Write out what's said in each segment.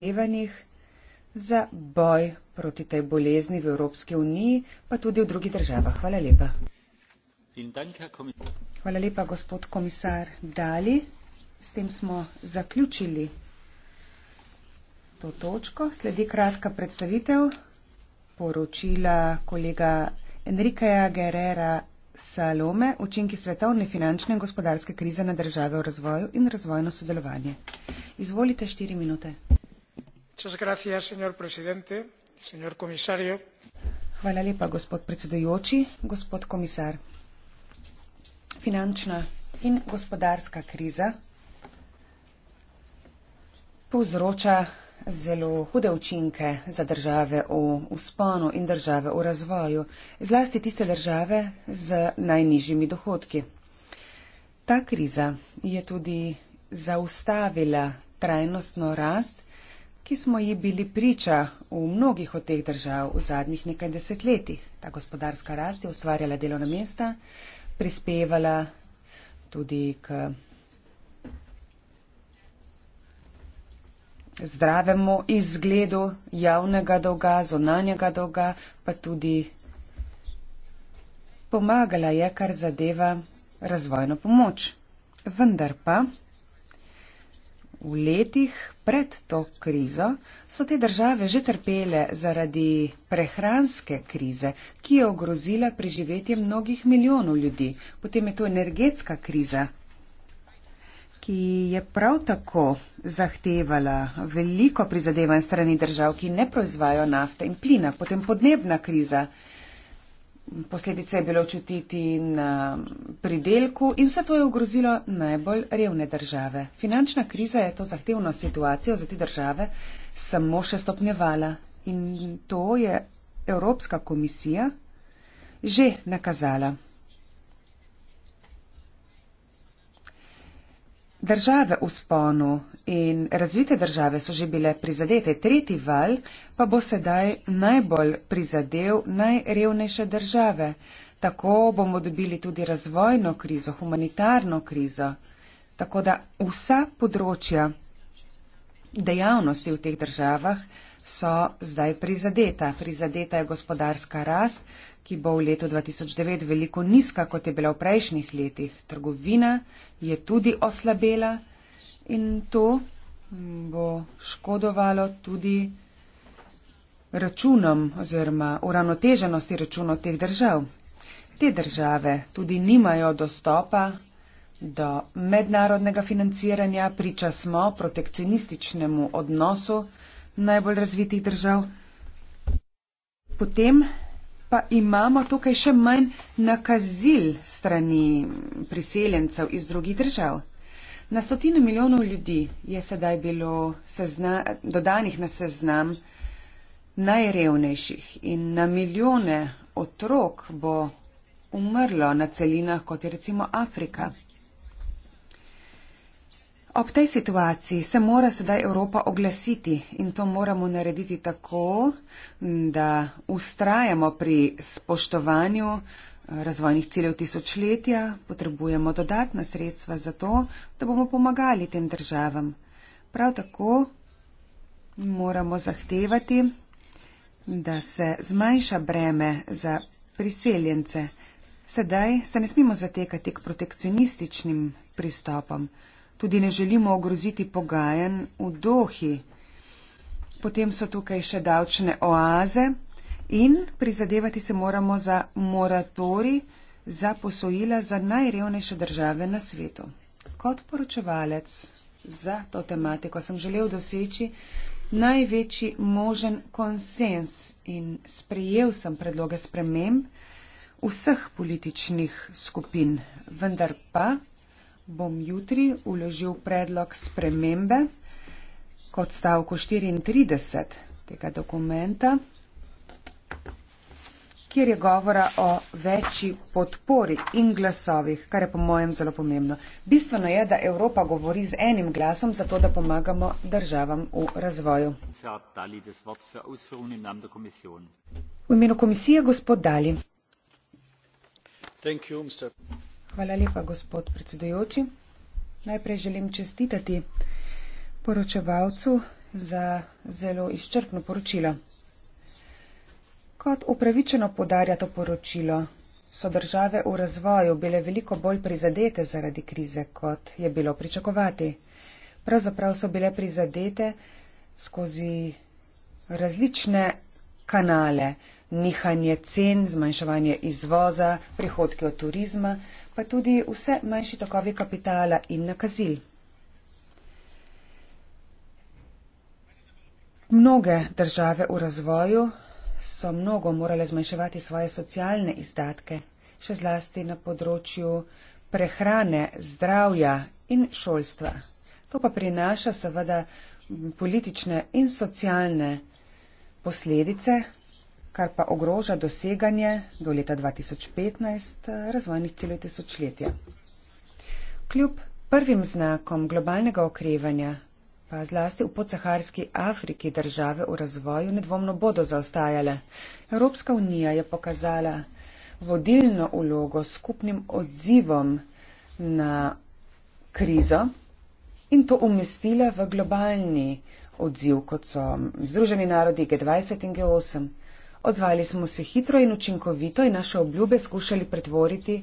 prizadevanjih za boj proti tej bolezni v Evropski uniji, pa tudi v drugih državah. Hvala lepa. Hvala lepa, gospod komisar Dali. S tem smo zaključili to točko. Sledi kratka predstavitev poročila kolega Enrikeja Gerera Salome, učinki svetovne finančne in gospodarske krize na države v razvoju in razvojno sodelovanje. Izvolite štiri minute. Hvala lepa, gospod predsedujoči, gospod komisar. Finančna in gospodarska kriza povzroča zelo hude učinke za države v usponu in države v razvoju, zlasti tiste države z najnižjimi dohodki. Ta kriza je tudi zaustavila trajnostno rast ki smo ji bili priča v mnogih od teh držav v zadnjih nekaj desetletjih. Ta gospodarska rast je ustvarjala delovna mesta, prispevala tudi k zdravemu izgledu javnega dolga, zonanjega dolga, pa tudi pomagala je, kar zadeva razvojno pomoč. Vendar pa V letih pred to krizo so te države že trpele zaradi prehranske krize, ki je ogrozila preživetje mnogih milijonov ljudi. Potem je to energetska kriza, ki je prav tako zahtevala veliko prizadevanj strani držav, ki ne proizvajo nafte in plina. Potem podnebna kriza, Posledice je bilo čutiti na pridelku in vse to je ogrozilo najbolj revne države. Finančna kriza je to zahtevno situacijo za te države samo še stopnjevala in to je Evropska komisija že nakazala. Države v sponu in razvite države so že bile prizadete. Tretji val pa bo sedaj najbolj prizadel najrevnejše države. Tako bomo dobili tudi razvojno krizo, humanitarno krizo. Tako da vsa področja dejavnosti v teh državah so zdaj prizadeta. Prizadeta je gospodarska rast ki bo v letu 2009 veliko nizka, kot je bila v prejšnjih letih. Trgovina je tudi oslabela in to bo škodovalo tudi računom oziroma uravnoteženosti računov teh držav. Te države tudi nimajo dostopa do mednarodnega financiranja, priča smo protekcionističnemu odnosu najbolj razvitih držav. Potem pa imamo tukaj še manj nakazil strani priseljencev iz drugih držav. Na stotine milijonov ljudi je sedaj bilo sezna, dodanih na seznam najrevnejših in na milijone otrok bo umrlo na celinah, kot je recimo Afrika. Ob tej situaciji se mora sedaj Evropa oglasiti in to moramo narediti tako, da ustrajamo pri spoštovanju eh, razvojnih ciljev tisočletja, potrebujemo dodatna sredstva za to, da bomo pomagali tem državam. Prav tako moramo zahtevati, da se zmanjša breme za priseljence. Sedaj se ne smemo zatekati k protekcionističnim pristopom tudi ne želimo ogroziti pogajen v dohi. Potem so tukaj še davčne oaze in prizadevati se moramo za moratori za posojila za najrevnejše države na svetu. Kot poročevalec za to tematiko sem želel doseči največji možen konsens in sprejel sem predloge sprememb vseh političnih skupin, vendar pa bom jutri uložil predlog spremembe kot stavku 34 tega dokumenta, kjer je govora o večji podpori in glasovih, kar je po mojem zelo pomembno. Bistveno je, da Evropa govori z enim glasom, zato da pomagamo državam v razvoju. V imenu komisije gospod Dali. Thank you, Mr. Hvala lepa, gospod predsedujoči. Najprej želim čestitati poročevalcu za zelo izčrpno poročilo. Kot upravičeno podarja to poročilo, so države v razvoju bile veliko bolj prizadete zaradi krize, kot je bilo pričakovati. Pravzaprav so bile prizadete skozi različne kanale, nihanje cen, zmanjševanje izvoza, prihodki od turizma, pa tudi vse manjši tokovi kapitala in nakazil. Mnoge države v razvoju so mnogo morale zmanjševati svoje socialne izdatke, še zlasti na področju prehrane, zdravja in šolstva. To pa prinaša seveda politične in socialne posledice, kar pa ogroža doseganje do leta 2015 eh, razvojnih ciljev tisočletja. Kljub prvim znakom globalnega okrevanja, pa zlasti v podsaharski Afriki države v razvoju nedvomno bodo zaostajale, Evropska unija je pokazala vodilno ulogo skupnim odzivom na krizo in to umestila v globalni odziv, kot so Združeni narodi G20 in G8. Odzvali smo se hitro in učinkovito in naše obljube skušali pretvoriti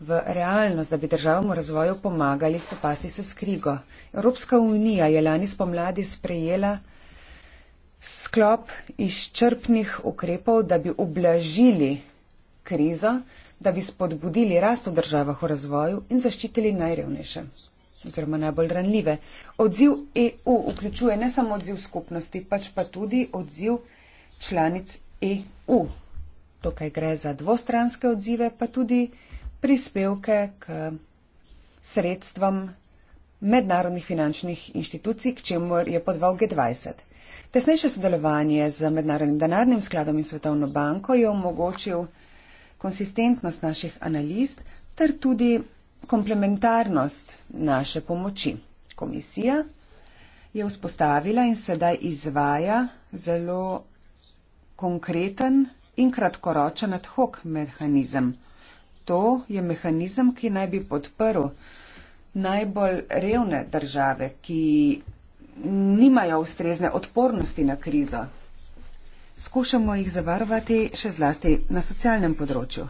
v realnost, da bi državam v razvoju pomagali spopasti se s krigo. Evropska unija je lani spomladi sprejela sklop izčrpnih ukrepov, da bi ublažili krizo, da bi spodbudili rast v državah v razvoju in zaščitili najrevnejše oziroma najbolj ranljive. Odziv EU vključuje ne samo odziv skupnosti, pač pa tudi odziv članic EU. EU. Tukaj gre za dvostranske odzive, pa tudi prispevke k sredstvom mednarodnih finančnih inštitucij, k čemu je podval G20. Tesnejše sodelovanje z Mednarodnim denarnim skladom in Svetovno banko je omogočil konsistentnost naših analiz ter tudi komplementarnost naše pomoči. Komisija je vzpostavila in sedaj izvaja zelo konkreten in kratkoročen ad hoc mehanizem. To je mehanizem, ki naj bi podprl najbolj revne države, ki nimajo ustrezne odpornosti na krizo. Skušamo jih zavarovati še zlasti na socialnem področju.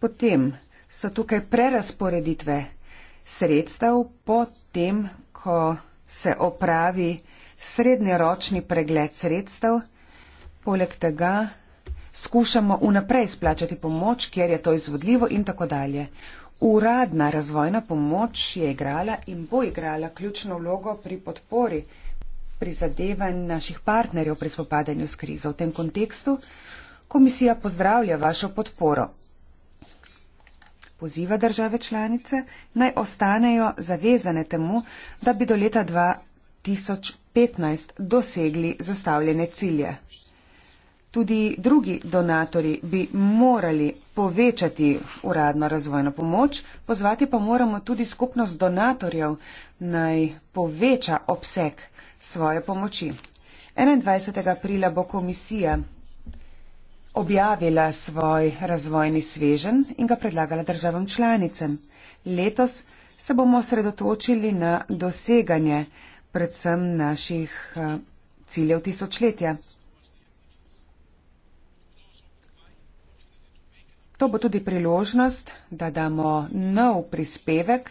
Potem so tukaj prerasporeditve sredstev, potem, ko se opravi srednjeročni pregled sredstev. Poleg tega skušamo vnaprej splačati pomoč, kjer je to izvodljivo in tako dalje. Uradna razvojna pomoč je igrala in bo igrala ključno vlogo pri podpori prizadevanj naših partnerjev pri spopadanju s krizo. V tem kontekstu komisija pozdravlja vašo podporo. Poziva države članice naj ostanejo zavezane temu, da bi do leta 2020 2015 dosegli zastavljene cilje. Tudi drugi donatori bi morali povečati uradno razvojno pomoč, pozvati pa moramo tudi skupnost donatorjev naj poveča obseg svoje pomoči. 21. aprila bo komisija objavila svoj razvojni svežen in ga predlagala državam članicam. Letos se bomo osredotočili na doseganje predvsem naših eh, ciljev tisočletja. To bo tudi priložnost, da damo nov prispevek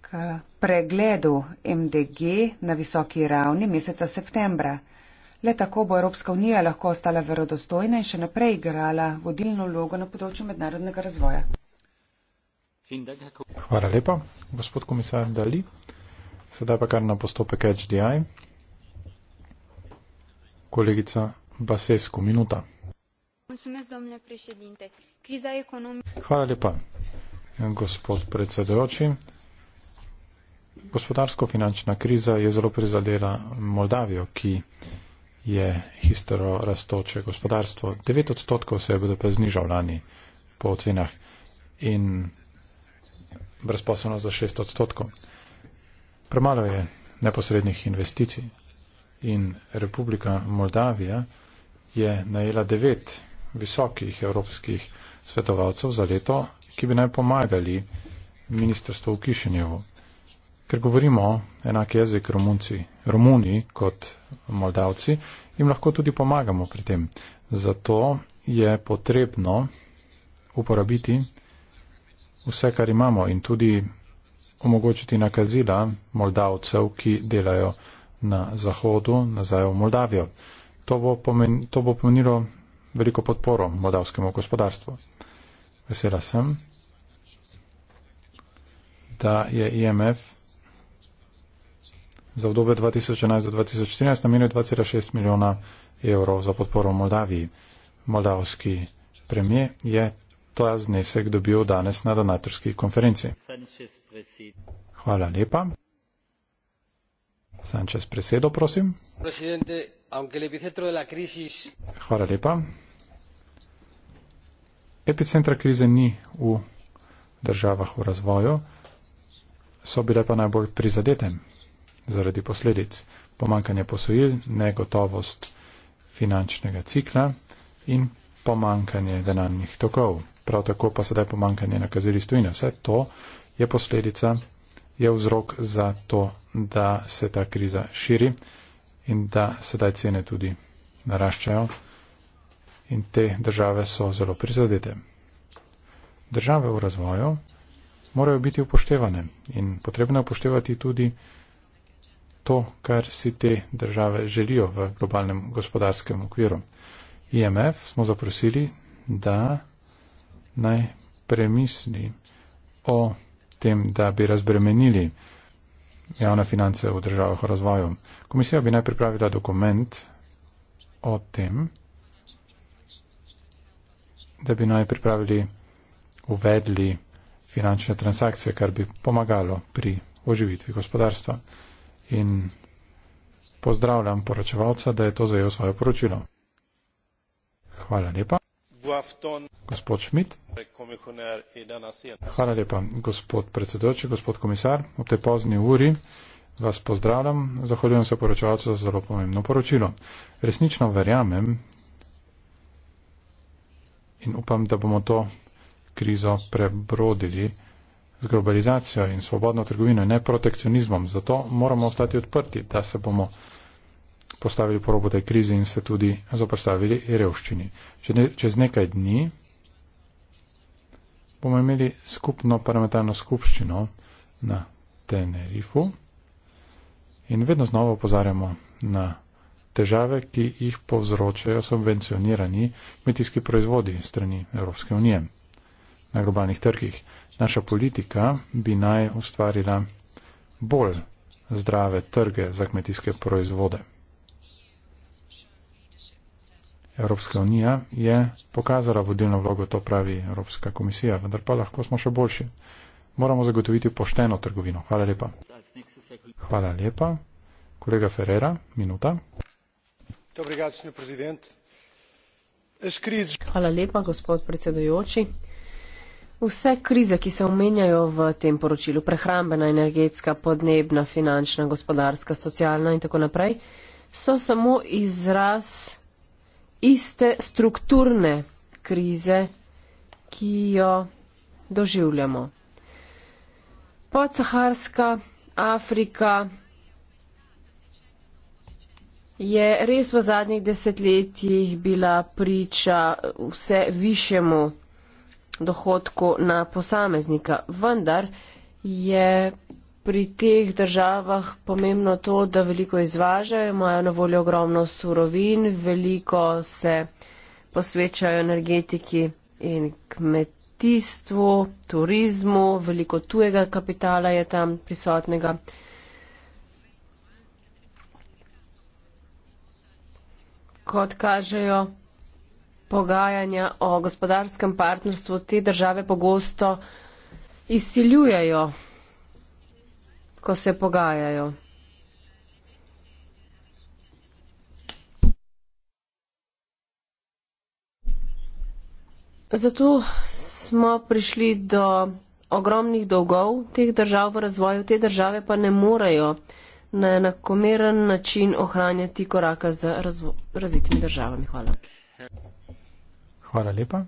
k pregledu MDG na visoki ravni meseca septembra. Le tako bo Evropska unija lahko ostala verodostojna in še naprej igrala vodilno vlogo na področju mednarodnega razvoja. Hvala lepa, gospod komisar Dali. Sedaj pa kar na postopek HDI. Kolegica Basesko, minuta. Hvala lepa, gospod predsedojoči. Gospodarsko-finančna kriza je zelo prizadela Moldavijo, ki je histero rastoče gospodarstvo. 9 odstotkov se je BDP znižal lani po ocenah in brezposobnost za 6 odstotkov. Premalo je neposrednih investicij in Republika Moldavija je najela devet visokih evropskih svetovalcev za leto, ki bi naj pomagali ministrstvu v Kišenjevu. Ker govorimo enak jezik Romunci, Romuni kot Moldavci, jim lahko tudi pomagamo pri tem. Zato je potrebno uporabiti vse, kar imamo in tudi omogočiti nakazila moldavcev, ki delajo na zahodu, nazaj v Moldavijo. To bo, pomen, to bo pomenilo veliko podporo moldavskemu gospodarstvu. Vesela sem, da je IMF za obdobje 2011-2013 namenil 2,6 milijona evrov za podporo Moldaviji. Moldavski premije je ta znesek dobil danes na donatorski konferenci. Hvala lepa. Sančes presedo, prosim. Hvala lepa. Epicentra krize ni v državah v razvoju, so bile pa najbolj prizadete zaradi posledic pomankanja posojil, negotovost finančnega cikla in pomankanje denarnih tokov prav tako pa sedaj pomankanje nakazil iz tujine. Vse to je posledica, je vzrok za to, da se ta kriza širi in da sedaj cene tudi naraščajo in te države so zelo prizadete. Države v razvoju morajo biti upoštevane in potrebno je upoštevati tudi to, kar si te države želijo v globalnem gospodarskem okviru. IMF smo zaprosili, da naj premisli o tem, da bi razbremenili javne finance v državah v razvoju. Komisija bi naj pripravila dokument o tem, da bi naj pripravili, uvedli finančne transakcije, kar bi pomagalo pri oživitvi gospodarstva. In pozdravljam poročevalca, da je to zajel svoje poročilo. Hvala lepa. Gospod Šmit. Hvala lepa, gospod predsedoči, gospod komisar. Ob tej pozni uri vas pozdravljam. Zahvaljujem se poročevalcu za zelo pomembno poročilo. Resnično verjamem in upam, da bomo to krizo prebrodili z globalizacijo in svobodno trgovino in ne protekcionizmom. Zato moramo ostati odprti, da se bomo postavili po robu tej krizi in se tudi zoprstavili revščini. Če ne, čez nekaj dni bomo imeli skupno parlamentarno skupščino na Tenerifu in vedno znova opozarjamo na težave, ki jih povzročajo subvencionirani kmetijski proizvodi strani Evropske unije na globalnih trgih. Naša politika bi naj ustvarila bolj zdrave trge za kmetijske proizvode. Evropska unija je pokazala vodilno vlogo, to pravi Evropska komisija, vendar pa lahko smo še boljši. Moramo zagotoviti pošteno trgovino. Hvala lepa. Hvala lepa. Kolega Ferrera, minuta. Hvala lepa, gospod predsedujoči. Vse krize, ki se omenjajo v tem poročilu, prehrambena, energetska, podnebna, finančna, gospodarska, socialna in tako naprej, so samo izraz iste strukturne krize, ki jo doživljamo. Podsaharska Afrika je res v zadnjih desetletjih bila priča vse višjemu dohodku na posameznika, vendar je pri teh državah pomembno to, da veliko izvažajo, imajo na voljo ogromno surovin, veliko se posvečajo energetiki in kmetijstvu, turizmu, veliko tujega kapitala je tam prisotnega. Kot kažejo pogajanja o gospodarskem partnerstvu, te države pogosto izsiljujejo ko se pogajajo. Zato smo prišli do ogromnih dolgov teh držav v razvoju, te države pa ne morejo na enakomeren način ohranjati koraka z razvitimi državami. Hvala. Hvala lepa.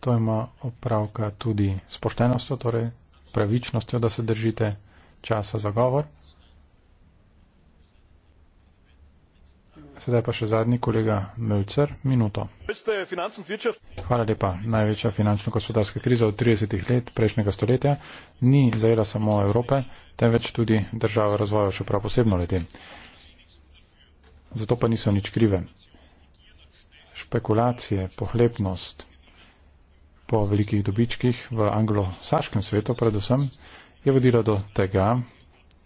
To ima opravka tudi s poštenostjo, torej pravičnostjo, da se držite časa za govor. Sedaj pa še zadnji kolega Melcer, minuto. Hvala lepa. Največja finančno-gospodarska kriza v 30 let prejšnjega stoletja ni zajela samo Evrope, temveč tudi države razvoja še prav posebno leti. Zato pa niso nič krive. Špekulacije, pohlepnost po velikih dobičkih v anglosaškem svetu predvsem je vodilo do tega,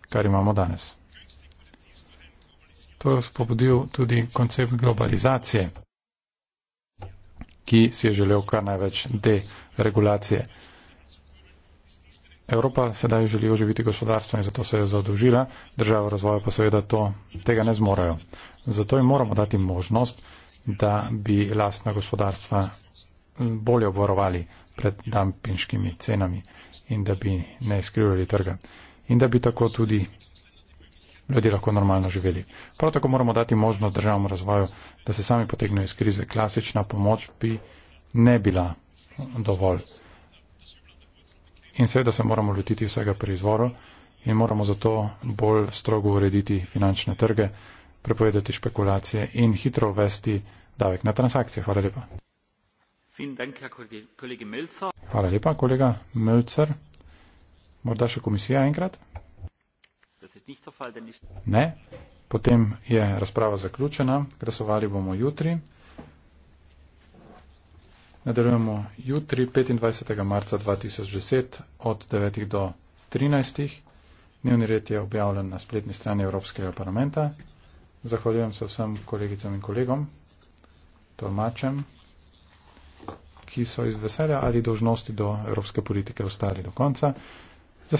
kar imamo danes. To je spobodil tudi koncept globalizacije, ki si je želel kar največ deregulacije. Evropa sedaj želi oživiti gospodarstvo in zato se je zadolžila, države razvoja pa seveda to, tega ne zmorejo. Zato jim moramo dati možnost, da bi lastna gospodarstva bolje obvarovali pred dampinškimi cenami in da bi ne skrivali trga in da bi tako tudi ljudje lahko normalno živeli. Prav tako moramo dati možnost državam razvoju, da se sami potegnejo iz krize. Klasična pomoč bi ne bila dovolj. In seveda se moramo lotiti vsega pri izvoru in moramo zato bolj strogo urediti finančne trge, prepovedati špekulacije in hitro uvesti davek na transakcije. Hvala lepa. Hvala lepa, kolega Melcer. Morda še komisija enkrat? Ne. Potem je razprava zaključena. Glasovali bomo jutri. Nadaljujemo jutri, 25. marca 2010, od 9. do 13. Dnevni red je objavljen na spletni strani Evropskega parlamenta. Zahvaljujem se vsem kolegicam in kolegom, tolmačem ki so iz veselja ali dožnosti do evropske politike ostali do konca.